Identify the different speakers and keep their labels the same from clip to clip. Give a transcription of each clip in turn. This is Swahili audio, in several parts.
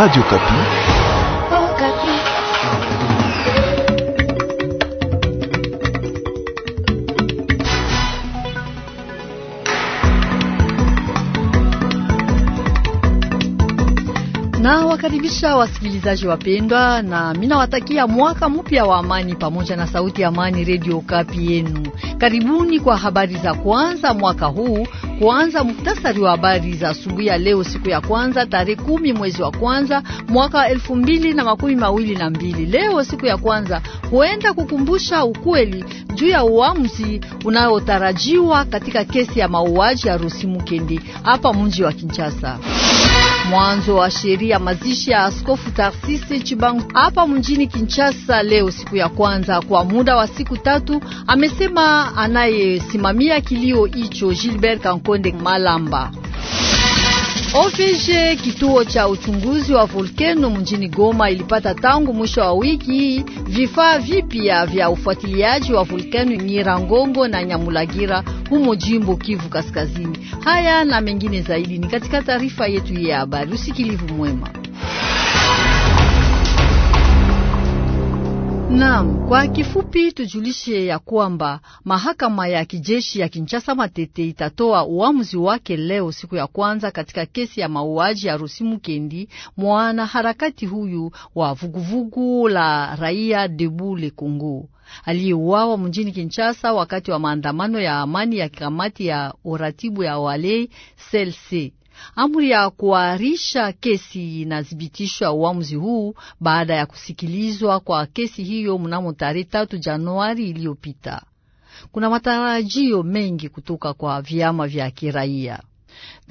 Speaker 1: Radio Kapi.
Speaker 2: Nawakaribisha wasikilizaji wapendwa, na minawatakia mwaka mpya wa amani pamoja na sauti ya amani redio kapi yenu. Karibuni kwa habari za kwanza mwaka huu. Kwanza muktasari wa habari za asubuhi ya leo, siku ya kwanza tarehe kumi mwezi wa kwanza mwaka wa elfu mbili na makumi mawili na mbili. Leo siku ya kwanza huenda kukumbusha ukweli juu ya uamuzi unaotarajiwa katika kesi ya mauaji ya Rusi Mukendi hapa mji wa Kinshasa. Mwanzo wa sheria mazishi ya Askofu Tarsisi Chibangu hapa mjini Kinshasa leo siku ya kwanza kwa muda wa siku tatu, amesema anayesimamia kilio hicho Gilbert Kankonde Malamba. Ofishe kituo cha uchunguzi wa volkeno mjini Goma ilipata tangu mwisho wa wiki hii vifaa vipya vya ufuatiliaji wa volkeno Nyirangongo na Nyamulagira humo jimbo Kivu Kaskazini. Haya na mengine zaidi ni katika taarifa yetu ya habari. Usikilivu mwema. Naam, kwa kifupi tujulishe ya kwamba mahakama ya kijeshi ya Kinshasa Matete itatoa uamuzi wake leo siku ya kwanza katika kesi ya mauaji ya mukendi mwana harakati huyu wa vuguvugu la raia Debule Kongo aliyeuawa mjini Kinshasa wakati wa maandamano ya amani ya kamati ya uratibu ya walei CLC. Amri ya kuarisha kesi inathibitishwa uamuzi huu baada ya kusikilizwa kwa kesi hiyo mnamo tarehe tatu Januari iliyopita. Kuna matarajio mengi kutoka kwa vyama vya kiraia.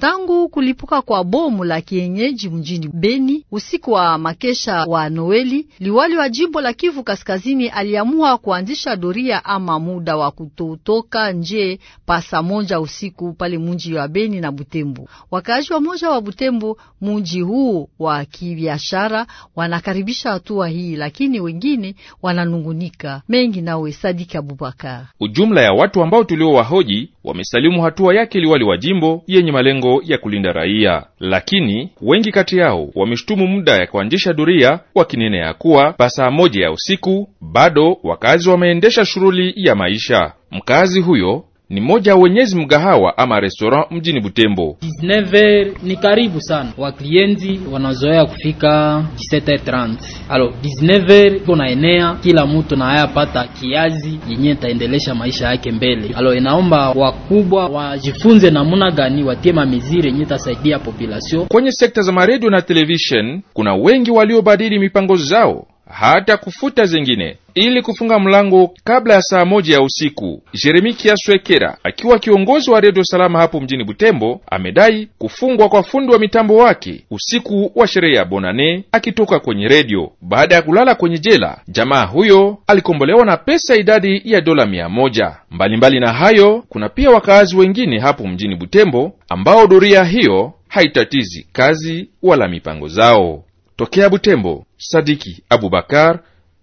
Speaker 2: Tangu kulipuka kwa bomu la kienyeji mjini Beni usiku wa makesha wa Noeli, liwali wa jimbo la Kivu Kaskazini aliamua kuanzisha doria ama muda wa kutotoka nje pasa moja usiku pale mji wa Beni na Butembo. Wakaaji wa moja wa Butembo, mji huu wa kibiashara, wanakaribisha hatua hii, lakini wengine wananungunika mengi. Nawe Sadiki Abubakar,
Speaker 1: ujumla ya watu ambao tuliowahoji wamesalimu hatua yake liwali wa jimbo yenye malengo ya kulinda raia, lakini wengi kati yao wameshutumu muda ya kuanzisha duria, wakinene ya kuwa pasaa moja ya usiku bado wakazi wameendesha shughuli ya maisha. Mkazi huyo ni moja ya wenyezi mgahawa ama restaurant mjini Butembo. 19h ni karibu sana, waklienti wanazoea kufika 17h30. Alo 19h iko enea kila mtu na hayapata kiazi yenye taendelesha maisha yake mbele. Alo inaomba wakubwa wajifunze namuna gani watie mamiziri yenye tasaidia population. Kwenye sekta za maredio na television kuna wengi waliobadili mipango zao hata kufuta zingine ili kufunga mlango kabla ya saa moja ya usiku. Jeremi Kiaswekera akiwa kiongozi wa redio Salama hapo mjini Butembo amedai kufungwa kwa fundi wa mitambo wake usiku wa sherehe ya Bonane akitoka kwenye redio baada ya kulala kwenye jela. Jamaa huyo alikombolewa na pesa idadi ya dola mia moja. Mbalimbali na hayo, kuna pia wakaazi wengine hapo mjini Butembo ambao doria hiyo haitatizi kazi wala mipango zao. Tokea Butembo, Sadiki Abubakar,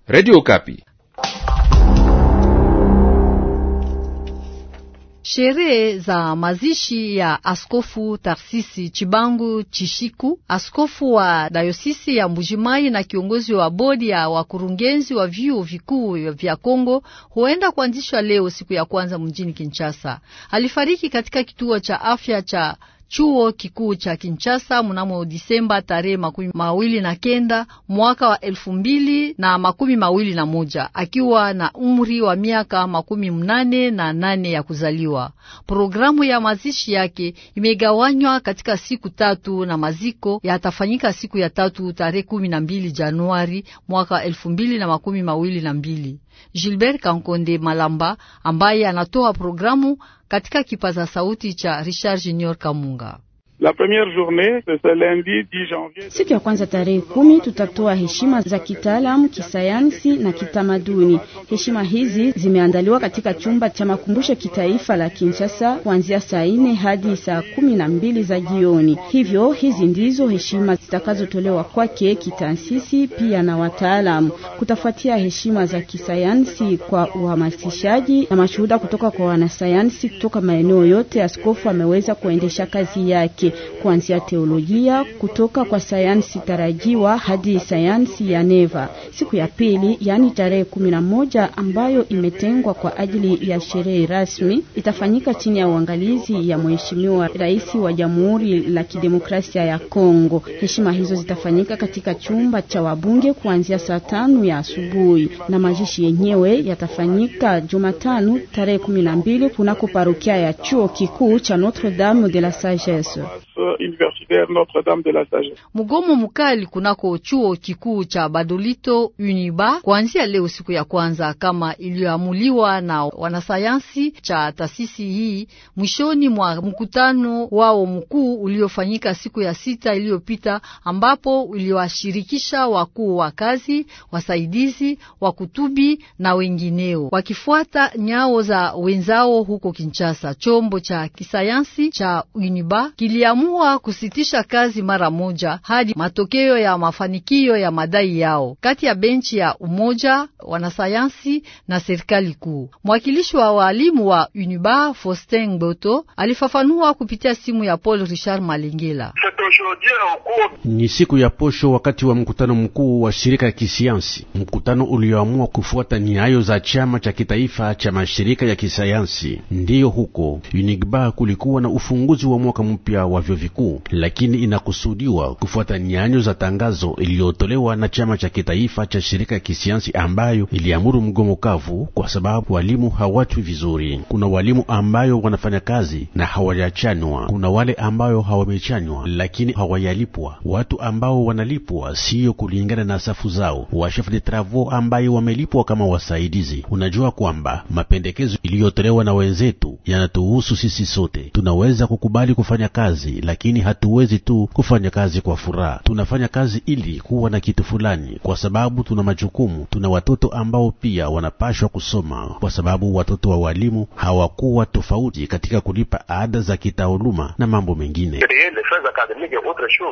Speaker 1: Radio Kapi.
Speaker 2: Sherehe za mazishi ya Askofu Tarsisi Chibangu Chishiku, askofu wa dayosisi ya Mbujimai na kiongozi wa bodi ya wakurugenzi wa vyuo vikuu vya Kongo huenda kuanzishwa leo siku ya kwanza mjini Kinshasa. Alifariki katika kituo cha afya cha chuo kikuu cha Kinshasa mnamo Disemba tarehe makumi mawili na kenda mwaka wa elfu mbili na makumi mawili na moja akiwa na umri wa miaka makumi mnane na nane ya kuzaliwa. Programu ya mazishi yake imegawanywa katika siku tatu na maziko yatafanyika siku ya tatu tarehe kumi na mbili Januari mwaka elfu mbili na makumi mawili na mbili. Gilbert Kankonde Malamba ambaye anatoa programu katika kipaza sauti cha Richard Junior Kamunga.
Speaker 1: La première journée, ce lundi 10 janvier.
Speaker 3: Siku ya kwanza tarehe kumi tutatoa heshima za kitaalamu, kisayansi na kitamaduni. Heshima hizi zimeandaliwa katika chumba cha makumbusho kitaifa la Kinshasa kuanzia saa nne hadi saa kumi na mbili za jioni. Hivyo hizi ndizo heshima zitakazotolewa kwake kitaasisi pia na wataalamu. Kutafuatia heshima za kisayansi kwa uhamasishaji na mashuhuda kutoka kwa wanasayansi kutoka maeneo yote. Askofu ameweza kuendesha kazi yake yake, kuanzia teolojia kutoka kwa sayansi tarajiwa hadi sayansi ya neva. Siku ya pili, yaani tarehe kumi na moja ambayo imetengwa kwa ajili ya sherehe rasmi itafanyika chini ya uangalizi ya Mheshimiwa Rais wa Jamhuri la Kidemokrasia ya Kongo. Heshima hizo zitafanyika katika chumba cha wabunge kuanzia saa tano ya asubuhi na mazishi yenyewe yatafanyika Jumatano tarehe kumi na mbili kunako parokia ya
Speaker 2: chuo kikuu cha Notre Dame de la Sagesse.
Speaker 1: Euh, universitaire Notre-Dame de la Sagesse.
Speaker 2: Mgomo mkali kunako chuo kikuu cha Badolito Uniba kuanzia leo siku ya kwanza kama iliyoamuliwa na wanasayansi cha taasisi hii mwishoni mwa mkutano wao mkuu uliofanyika siku ya sita iliyopita, ambapo uliwashirikisha wakuu wa kazi, wasaidizi, wakutubi na wengineo, wakifuata nyao za wenzao huko Kinshasa. Chombo cha kisayansi cha Uniba kilia waliamua kusitisha kazi mara moja hadi matokeo ya mafanikio ya madai yao kati ya benchi ya umoja wanasayansi na serikali kuu. Mwakilishi wa walimu wa Uniba Faustin gboto alifafanua kupitia simu ya Paul Richard Malingela.
Speaker 4: Ni siku ya posho wakati wa mkutano mkuu wa shirika ya kisayansi, mkutano ulioamua kufuata nyayo za chama cha kitaifa cha mashirika ya kisayansi. Ndiyo, huko Unigba kulikuwa na ufunguzi wa mwaka mpya wa vyuo vikuu, lakini inakusudiwa kufuata nyanyo za tangazo iliyotolewa na chama cha kitaifa cha shirika ya kisiansi ambayo iliamuru mgomo kavu kwa sababu walimu hawatwi vizuri. Kuna walimu ambayo wanafanya kazi na hawajachanwa, kuna wale ambayo hawamechanywa lakini hawayalipwa, watu ambao wanalipwa siyo kulingana na safu zao, washef de travaux ambayo wamelipwa kama wasaidizi. Unajua kwamba mapendekezo iliyotolewa na wenzetu yanatuhusu sisi sote, tunaweza kukubali kufanya kazi kazi, lakini hatuwezi tu kufanya kazi kwa furaha. Tunafanya kazi ili kuwa na kitu fulani, kwa sababu tuna majukumu. Tuna watoto ambao pia wanapashwa kusoma, kwa sababu watoto wa walimu hawakuwa tofauti katika kulipa ada za kitaaluma na mambo mengine.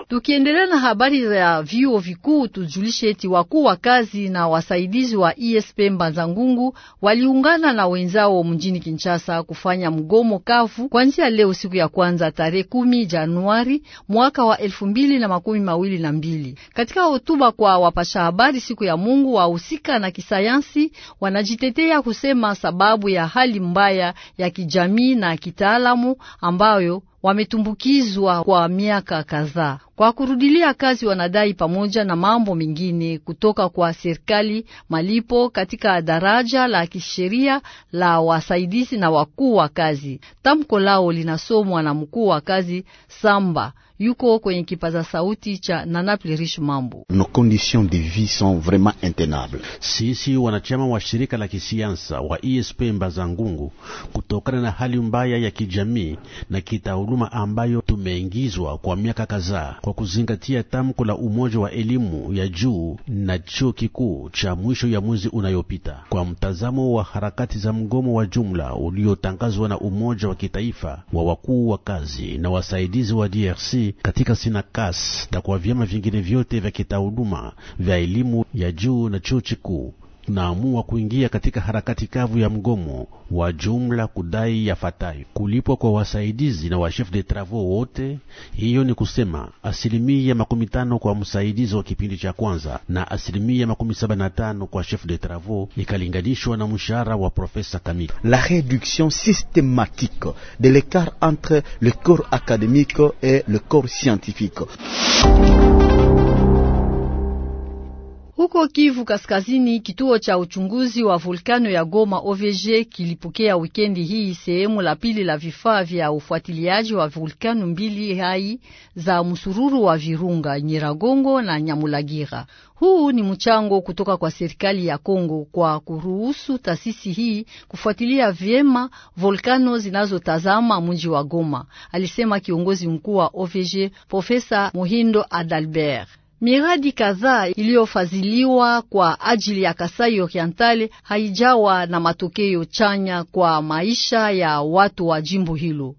Speaker 2: Tukiendelea na habari za vyuo vikuu, tujulishe eti wakuu wa kazi na wasaidizi wa ISP mbanzangungu waliungana na wenzao mjini Kinshasa kufanya mgomo kavu kuanzia leo siku ya kwanza tarehe kumi kumi Januari mwaka wa elfu mbili na makumi mawili na mbili. Katika hotuba kwa wapasha habari siku ya Mungu, wahusika na kisayansi wanajitetea kusema sababu ya hali mbaya ya kijamii na kitaalamu ambayo wametumbukizwa kwa miaka kadhaa. Kwa kurudilia kazi, wanadai pamoja na mambo mengine kutoka kwa serikali malipo katika daraja la kisheria la wasaidizi na wakuu wa kazi. Tamko lao linasomwa na mkuu wa kazi Samba yuko kwenye kipaza sauti cha Nanaple Riche Mambo.
Speaker 4: Nos conditions de vie sont vraiment intenables. Sisi wanachama wa shirika la kisiasa wa ISP e Mbazangungu, kutokana na hali mbaya ya kijamii na kitaaluma ambayo yameingizwa kwa miaka kadhaa kwa kuzingatia tamko la Umoja wa Elimu ya Juu na Chuo Kikuu cha mwisho ya mwezi unayopita. Kwa mtazamo wa harakati za mgomo wa jumla uliotangazwa na Umoja wa Kitaifa wa wakuu wa kazi na wasaidizi wa DRC katika Sinakas na kwa vyama vingine vyote vya kitahuduma vya elimu ya juu na chuo kikuu tunaamua kuingia katika harakati kavu ya mgomo wa jumla kudai yafuatayo: kulipwa kwa wasaidizi na washef de travaux wote, hiyo ni kusema asilimia makumi tano kwa msaidizi wa kipindi cha kwanza na asilimia makumi saba na tano kwa chef de travaux, ikalinganishwa na mshahara wa profesa kamili. La reduction systematique de l'écart entre le corps académique et le corps scientifique
Speaker 2: huko Kivu Kaskazini, kituo cha uchunguzi wa volkano ya Goma OVG kilipokea wikendi hii sehemu la pili la vifaa vya ufuatiliaji wa volkano mbili hai za msururu wa Virunga, Nyiragongo na Nyamulagira. Huu ni mchango kutoka kwa serikali ya Kongo kwa kuruhusu taasisi hii kufuatilia vyema volkano zinazotazama mji wa Goma, alisema kiongozi mkuu wa OVG Profesa Muhindo Adalbert. Miradi kadhaa iliyofadhiliwa kwa ajili ya Kasai Oriental haijawa na matokeo chanya kwa maisha ya watu wa jimbo hilo.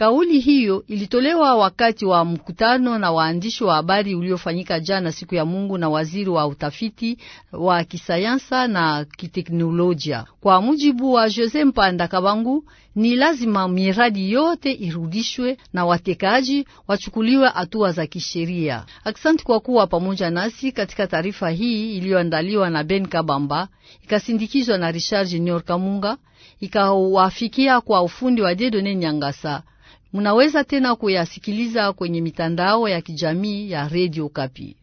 Speaker 2: Kauli hiyo ilitolewa wakati wa mkutano na waandishi wa habari uliofanyika jana siku ya Mungu na waziri wa utafiti wa kisayansa na kiteknolojia. Kwa mujibu wa Jose Mpanda Kabangu, ni lazima miradi yote irudishwe na watekaji wachukuliwe hatua za kisheria. Aksanti kwa kuwa pamoja nasi katika taarifa hii iliyoandaliwa na Ben Kabamba, ikasindikizwa na Richard Junior Kamunga, ikawafikia kwa ufundi wa Dedone Nyangasa. Munaweza tena kuyasikiliza kwenye mitandao ya kijamii ya Radio Kapi.